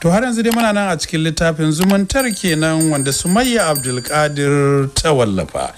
To har yanzu dai muna nan a cikin littafin zumuntar kenan wanda Sumayya Abdulkadir ta wallafa.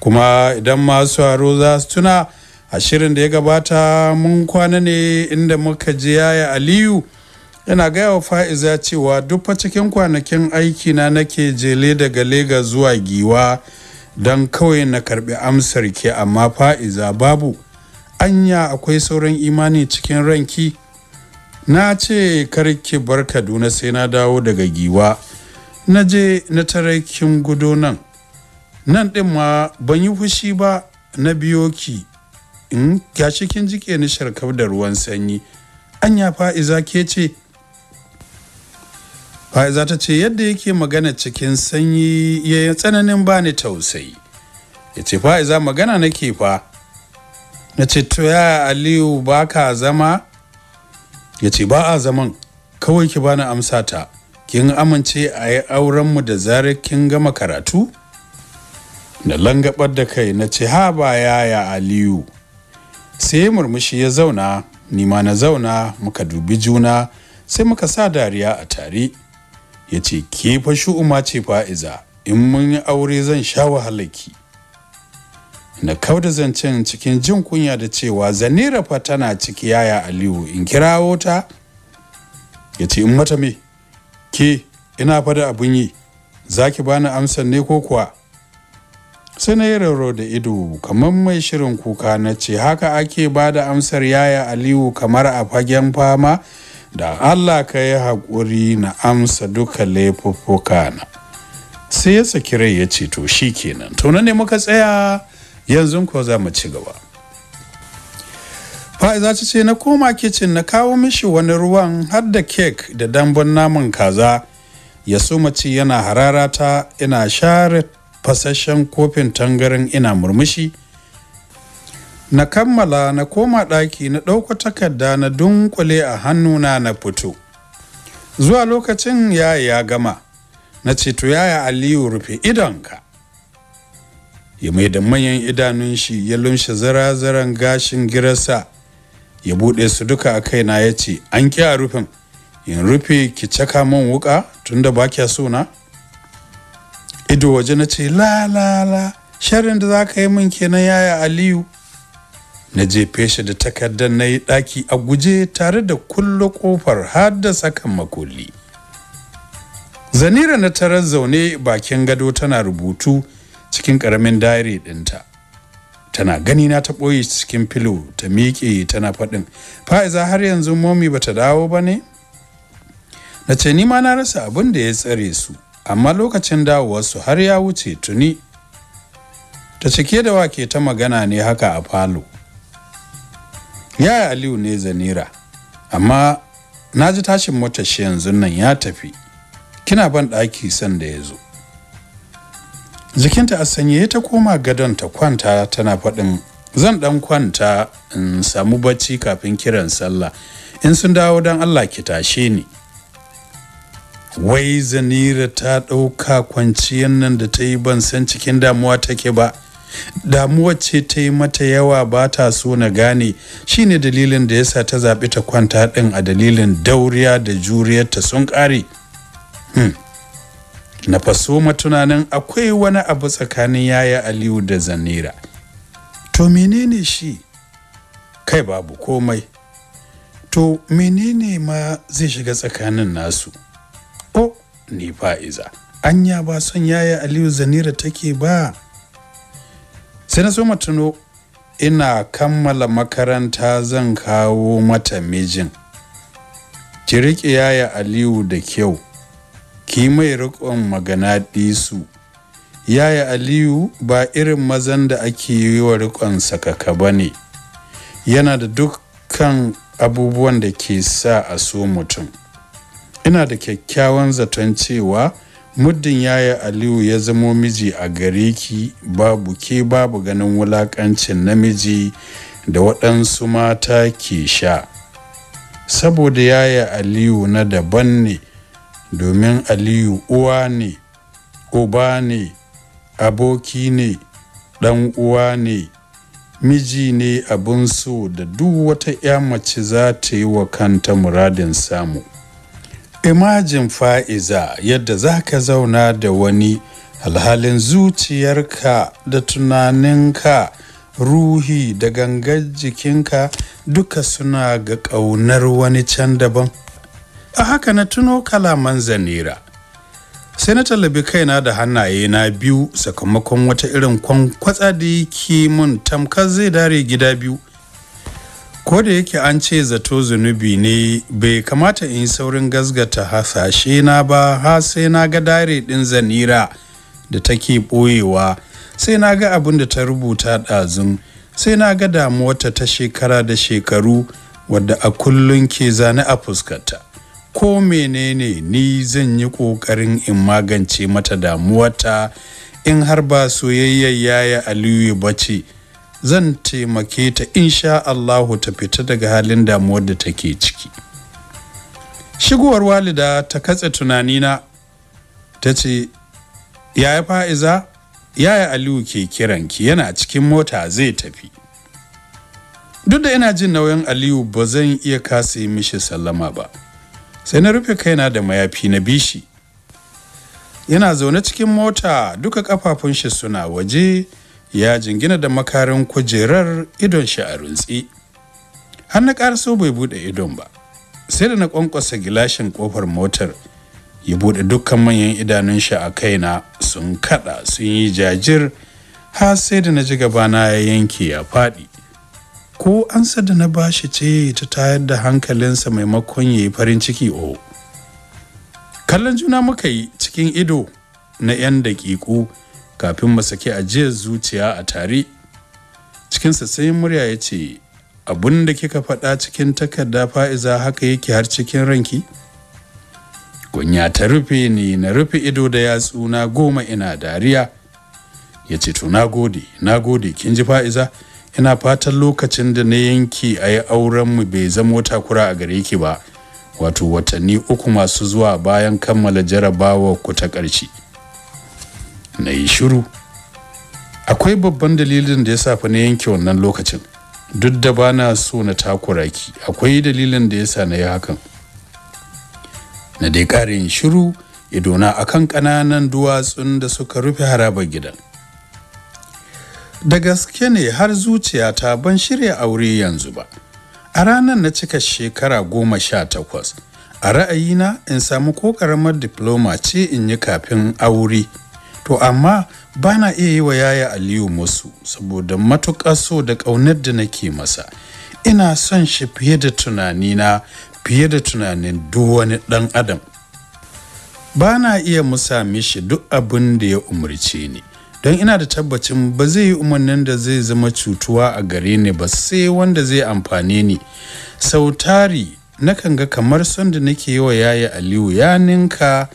Kuma idan masu haro za su tuna a shirin da ya gabata mun kwana ne inda muka je yaya Aliyu yana gaya wa fa'iza cewa duk cikin kwanakin aikina nake jele daga Legas zuwa Giwa don kawai na karbi amsar ke amma fa'iza babu. Anya akwai sauran imani cikin ranki. na ce karki bar kaduna sai na dawo daga giwa na je na tarakin gudo nan nan ɗin ma ban yi fushi ba na biyo ki in gashi kin jike ni sharkar da ruwan sanyi anya fa'iza ke ce fa'iza ta ce yadda yake magana cikin sanyi ya tsananin ba ni tausayi ya ce fa'iza magana nake fa na ce to ya aliyu ba ka zama ya ce ba a zaman kawai ki bani amsa ta kin amince a yi aurenmu da zarar kin gama karatu da langabar da kai na ce ha ba yaya aliyu sai murmushi ya zauna nima na zauna muka dubi juna sai muka sa dariya a tare ya ce ke fa shu'uma ce fa'iza in mun yi aure zan sha wahalarki na kauda zancen cikin jin kunya da cewa zanira fa tana ciki yaya aliyu in kirawo ta ya ce in mata me ke ina fa da abin yi za ki bani amsar ne ko kuwa sai na yi rauro da ido kamar mai shirin kuka na ce haka ake ba da amsar yaya aliyu kamar a fagen fama da allah ka yi haƙuri na amsa duka laifuffuka na sai ya saki rai ya ce to shi kenan to na ne muka tsaya yanzu ko za mu ci gaba fa'iza ta ce na koma kicin na kawo mishi wani ruwan har da kek da dambun naman kaza ya so mace yana harara ta ina share fasashen kofin tangarin ina murmushi na kammala na koma ɗaki na ɗauko takarda na dunkule a hannuna na fito zuwa lokacin yaya ya gama na ce to yaya aliyu rufe idonka ya mai da manyan idanun shi ya lumshe zarazaran gashin girarsa ya buɗe su duka a kaina ya ce an ƙi a rufin in rufe ki caka man wuka tunda ba kya so na ido waje na ce la la la sharin da za ka yi min kenan yaya aliyu na jefe shi da takardar na yi ɗaki a guje tare da kulle ƙofar har da sakan makulli zanira na tarar zaune bakin gado tana rubutu cikin ƙaramin diary dinta tana gani na ta ɓoye cikin filo ta miƙe tana faɗin fa'iza har yanzu momi bata dawo ba ne na ce ni ma na rasa abin da ya tsare su amma lokacin dawowarsu har ya wuce tuni ta cike da wake ta magana ne haka a falo yaya aliyu ne zanira amma na ji tashin motar shi yanzu nan ya tafi kina ban ɗaki da ya zo jikinta a sanye ta koma gadon ta kwanta tana faɗin zan ɗan kwanta in samu bacci kafin kiran sallah in sun dawo don allah ki tashe ni wai zanira ta ɗauka kwanciyar nan da ta yi ban san cikin damuwa take ba damuwar ce ta yi mata yawa ba ta so na gane shine dalilin da yasa ta zaɓi ta kwanta ɗin a dalilin dauriya da juriyarta sun ƙare hmm. na faso tunanin akwai wani abu tsakanin yaya aliyu da zanira to menene shi kai babu komai to menene ma zai shiga tsakanin nasu oh ni fa'iza anya ba son yaya aliyu zanira take ba sai na so matuno ina kammala makaranta zan kawo mata mijin ki riƙe yaya aliyu da kyau ki mai riƙon maganaɗisu yaya aliyu ba irin mazan da ake yi wa riƙon sakaka ba ne yana da dukkan abubuwan da ke sa a so mutum ina da kyakkyawan zaton cewa muddin yaya aliyu ya zamo miji a gare ki babu ke babu ganin wulakancin namiji da waɗansu mata ke sha saboda yaya aliyu na daban ne domin Aliyu uwa ne, uba ne, aboki ne, ɗan uwa ne, miji ne abin so da duk wata ‘ya mace za ta yi wa kanta muradin samu. Imajin fa'iza yadda za ka zauna da wani alhalin zuciyarka da tunaninka ruhi da gangar jikinka duka suna ga ƙaunar wani can daban. a haka na tuno kalaman zanera. sai na tallabi kaina da hannaye na biyu sakamakon wata irin kwankwatsa da yake mun tamkar zai dare gida biyu ko da yake an ce zato zunubi ne bai kamata in saurin gasgata hasashe na ba ha sai na ga dare din zanira da take boyewa sai na ga abin da ta rubuta ɗazun sai na ga damuwarta ta shekara da shekaru wadda a kullum ke zane a fuskanta. ko menene ni zan yi ƙoƙarin in magance mata damuwata in har ba soyayya yaya aliyu ba ce zan taimake ta insha Allahu ta fita daga halin damuwar da take ciki shigowar walida ta katse tunanina ta ce yaya fa'iza yaya aliyu ke kiranki yana cikin mota zai tafi duk da ina jin nauyin aliyu ba zan iya kasa mishi sallama ba sai na rufe kaina da mayafi na bishi yana zaune cikin mota duka kafafun shi suna waje ya jingina da makarin kujerar idon shi a runtsi har na ƙaraso bai buɗe idon ba sai da na ƙwanƙwasa gilashin ƙofar motar ya buɗe dukkan manyan idanun shi a kaina sun kaɗa sun yi jajir har sai da na ji gabana ya yanke ya faɗi ko ansa da na bashi ce ta tayar da hankalinsa maimakon ya yi farin ciki o oh. kallon juna muka yi cikin ido na 'yan daƙiƙu kafin mu saki ajiyar zuciya a tare cikinsa sai murya ya ce abun da kika faɗa cikin takarda fa'iza haka yake har cikin ranki "Gunya ta rufe ni na rufe ido da yatsu na goma ina dariya ya ce to na gode na gode kin ji fa'iza ina fatan lokacin da na yanki a yi aurenmu bai zama takura a gare ki ba wato watanni uku masu zuwa bayan kammala jarabawa ku ta ƙarshe na yi shiru akwai babban dalilin da ya safa na yanke wannan lokacin duk da ba na so na takura ki akwai dalilin da ya sa na yi hakan na dai ƙarin shiru idona akan ƙananan duwatsun da suka rufe harabar gidan da gaske ne har zuciya ta ban shirya aure yanzu ba a ranar na cika shekara goma sha takwas a ra'ayina in samu ko karamar diploma ce in yi kafin aure to amma ba na iya yi wa yaya aliyu musu saboda matuƙar so da ƙaunar da nake masa ina son shi fiye da tunanina fiye da tunanin duk wani ɗan adam ba na iya musa mishi duk abin da ya umarce ni don ina da tabbacin ba zai yi umarnin da zai zama cutuwa a gare ni ba sai wanda zai amfane ni sau tari nakan ga kamar son da nake yi wa yaya aliyu ya ninka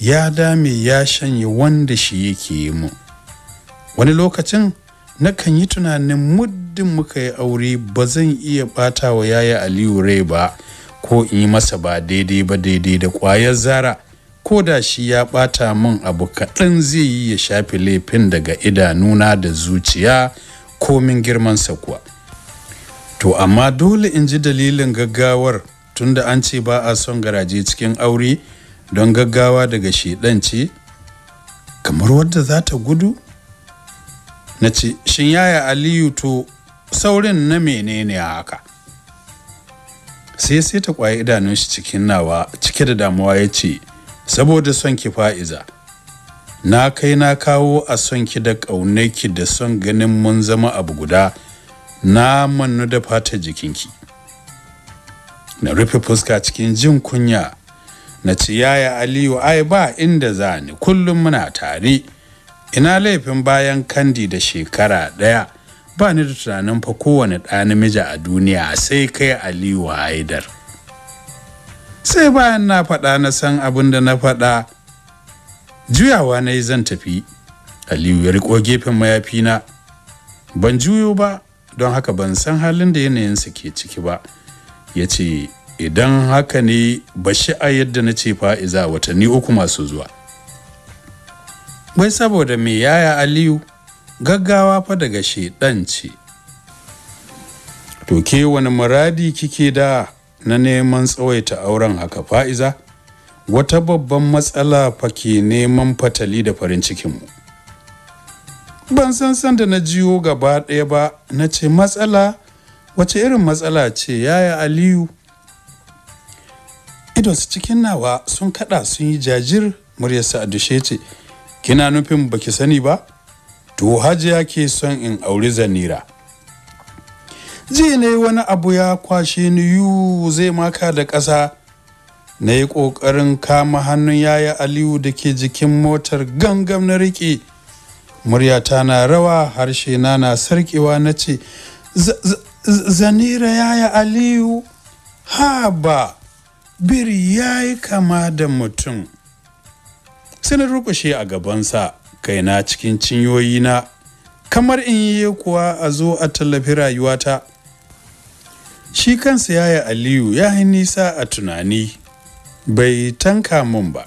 ya dame ya shanye wanda shi yake yi mu wani lokacin nakan yi tunanin muddin muka yi aure ba zan iya bata wa yaya aliyu rai ba ko in yi masa ba daidai ba daidai da kwayar zara ko da shi ya ɓata min abu kaɗan zai yi ya shafi laifin daga idanuna da zuciya komin girmansa kuwa to amma dole in ji dalilin gaggawar tunda an ce ba a son garaje cikin aure don gaggawa daga shedan ce kamar wadda za ta gudu na ce shin yaya aliyu to saurin na menene haka sai sai ta kwaye idanun shi cikin nawa cike da damuwa ya ce saboda son ki fa'iza na kai na kawo a son ki da ƙaunaki da son ganin mun zama abu guda na mannu da fatar jikinki na rufe fuska cikin jin kunya na ci yaya aliyu ai ba inda za ni kullum muna tare ina laifin bayan kandi da shekara ɗaya ba ni da tunanin fa kowane ɗa namiji a duniya sai kai aliyu haidar sai bayan na faɗa na san abin da na faɗa juyawa na yi zan tafi aliyu ya riko gefen mayafina ban juyo ba don haka ban san halin da yanayinsa ke ciki ba ya ce idan haka ne ba a yadda na ce fa'iza watanni uku masu zuwa bai saboda mai yaya aliyu gaggawa fa daga shaidan ce to ke wani muradi kike da na neman tsawaita auren haka fa'iza wata babban matsala fa ke neman fatali da farin cikinmu ban san san da na jiyo gaba ɗaya ba na ce matsala wace irin matsala ce yaya aliyu su cikin nawa sun kada sun yi jajir muryarsa a dushe ce kina nufin baki sani ba to hajiya ke son in auri zanira zai ne wani abu ya kwashe ni yu zai maka da ƙasa na yi ƙoƙarin kama hannun yaya aliyu da ke jikin motar gangam na riƙe muryata na rawa harshe na na sarkewa na ce zanira yaya aliyu Ha ba. biri ya yi kama da mutum sai rukushe a gabansa kaina cikin cinyoyi na kamar in yi kuwa a zo a tallafi rayuwata shi kansa yaya aliyu ya yi nisa a tunani bai tanka mun ba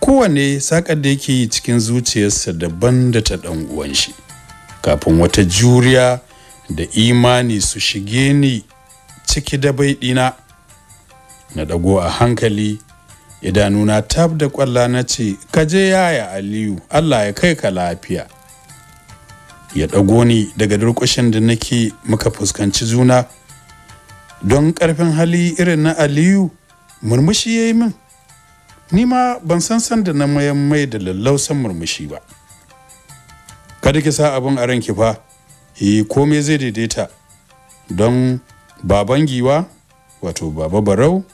kowane saƙa da yake yi cikin zuciyarsa daban da ta ɗan uwan shi kafin wata juriya da imani su shige ni ciki da bai ɗina na ɗago a hankali idanuna tab da ƙwalla na ce kaje yaya aliyu allah ya kai ka lafiya ya ɗago ni daga durƙushin da nake muka fuskanci juna don ƙarfin hali irin na aliyu murmushi ya yi min ni ma ban san sanda na mayan mai da lallausan murmushi ba kada ki sa abin a ranki fa komai zai daidaita don baban giwa wato baba barau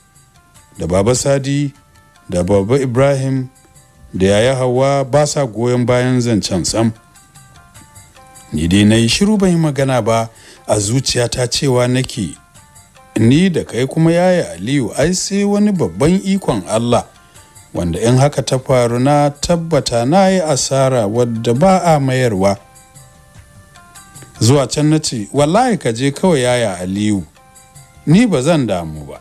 da baba sadi da baba ibrahim da yaya hawa ba sa goyon bayan zancen sam ni dai na yi shiru ban yi magana ba a zuciyata cewa nake ni da kai kuma yaya aliyu ai sai wani babban ikon allah wanda in haka ta faru na tabbata na yi asara wadda ba a mayarwa zuwa can na ce wallahi ka je kawai yaya aliyu ni ba zan damu ba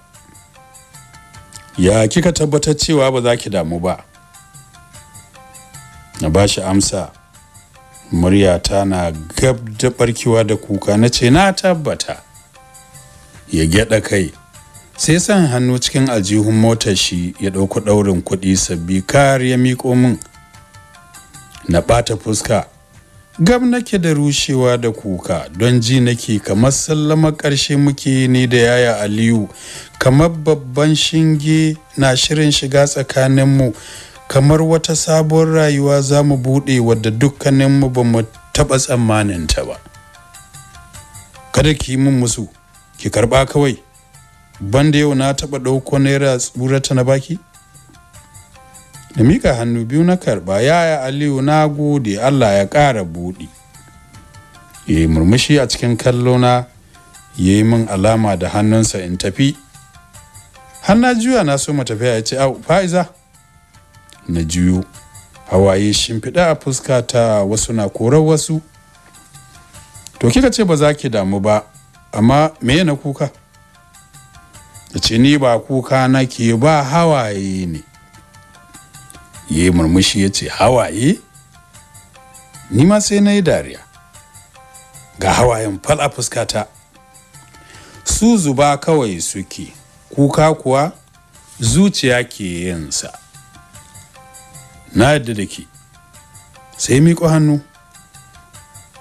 ya kika tabbatar cewa ba za ki damu ba na ba shi amsa muryata na gab da barkewa da kuka na ce na tabbata ya gyada kai sai san hannu cikin aljihun mota shi ya ɗauko ɗaurin kuɗi sabbi kar ya miƙo min na ɓata fuska gam nake da rushewa da kuka don ji nake kamar sallama ƙarshe muke ni da yaya aliyu kamar babban shinge na shirin shiga tsakaninmu kamar wata sabon rayuwa za mu buɗe wadda dukkaninmu ba mu taɓa tsammaninta ba kada ki yi mun musu ki karba kawai banda yau na taɓa ɗauko naira ta na baki da mika hannu biyu na karba yaya aliyu na gode allah ya ƙara buɗi ya murmushi a cikin kallona ya yi min alama da hannunsa in tafi hanna juya na so matafiya ya ce au fa'iza na juyo hawaye shimfiɗa a fuska ta wasu na korar wasu to kika ce ba za ki damu ba amma me na kuka Ya ce ni ba kuka nake ba hawaye ne yi murmushi ya ce hawaye ni ma sai na yi dariya ga hawayen fala fuskata su zuba kawai suke kuka kuwa zuciya ke yinsa na yadda da ke sai miƙo hannu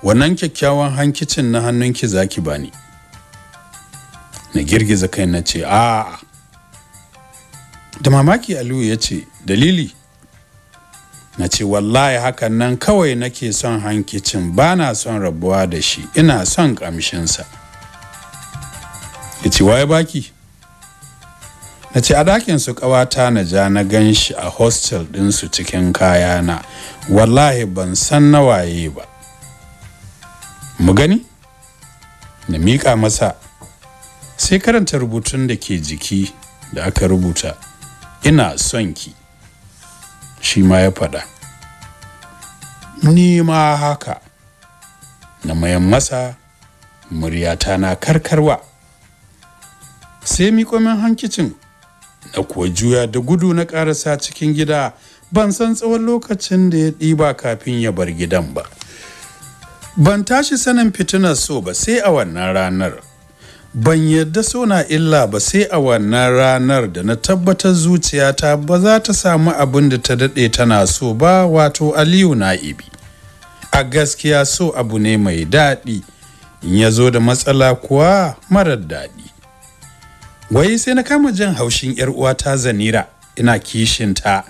wannan kyakkyawan hankicin na hannunki zaki ba bani na girgiza kai na ce a da mamaki aliyu ya ce dalili na ce wallahi hakan nan kawai nake son hankicin ba na son rabuwa da shi ina son kamshinsa ya ce waye baki na ce a dakin su ƙawata na ja na gan shi a hostel ɗinsu cikin kayana wallahi ban san na waye ba mu gani na miƙa masa sai karanta rubutun da ke jiki da aka rubuta ina son ki shi ma ya faɗa ni ma haka na mayan masa muryata na karkarwa sai mikomin hankicin na kuwa juya da gudu na ƙarasa cikin gida ban san tsawon lokacin da ya ɗiba kafin ya bar gidan ba ban tashi sanin fitinar so ba sai a wannan ranar ban yarda na illa ba sai a wannan ranar da na tabbatar zuciyata ba za ta samu abin da ta daɗe tana so ba wato aliyu na ibi. a gaskiya so abu ne mai daɗi in ya zo da matsala kuwa marar daɗi wai sai na kama jan haushin yar uwata zanira ina kishinta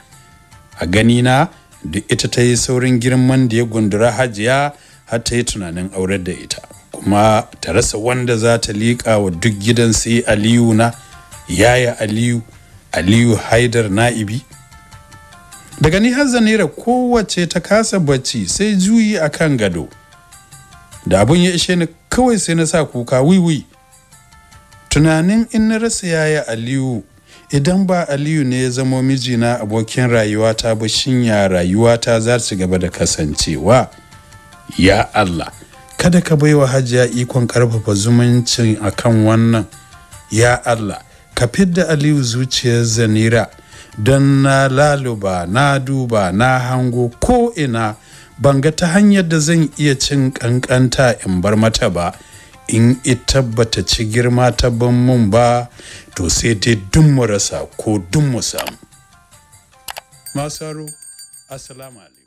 a gani na, duk ita ta yi saurin girman da ya gundura hajiya har ta yi tunanin aurar da ita kuma ta rasa wanda za ta liƙa wa duk gidan sai aliyu na yaya aliyu aliyu haidar na'ibi daga ni har zanera kowace ta kasa bacci sai juyi a kan gado da abin ya ishe ni kawai sai na sa kuka wiwi tunanin in na rasa yaya aliyu idan ba aliyu ne ya zamo mijina abokin rayuwata ba shinya rayuwata za su gaba da kasancewa ya allah kada ka bai wa hajiya ikon karfafa zumuncin a kan wannan ya allah ka fidda aliyu zuciyar zanira don na laluba na duba na hango ko ina ban ga ta hanyar da zan iya cin kankanta in bar mata ba in ita bata ci girma ta ban mun ba to sai dai dun mu rasa ko dun mu samu masaru assalamu alaikum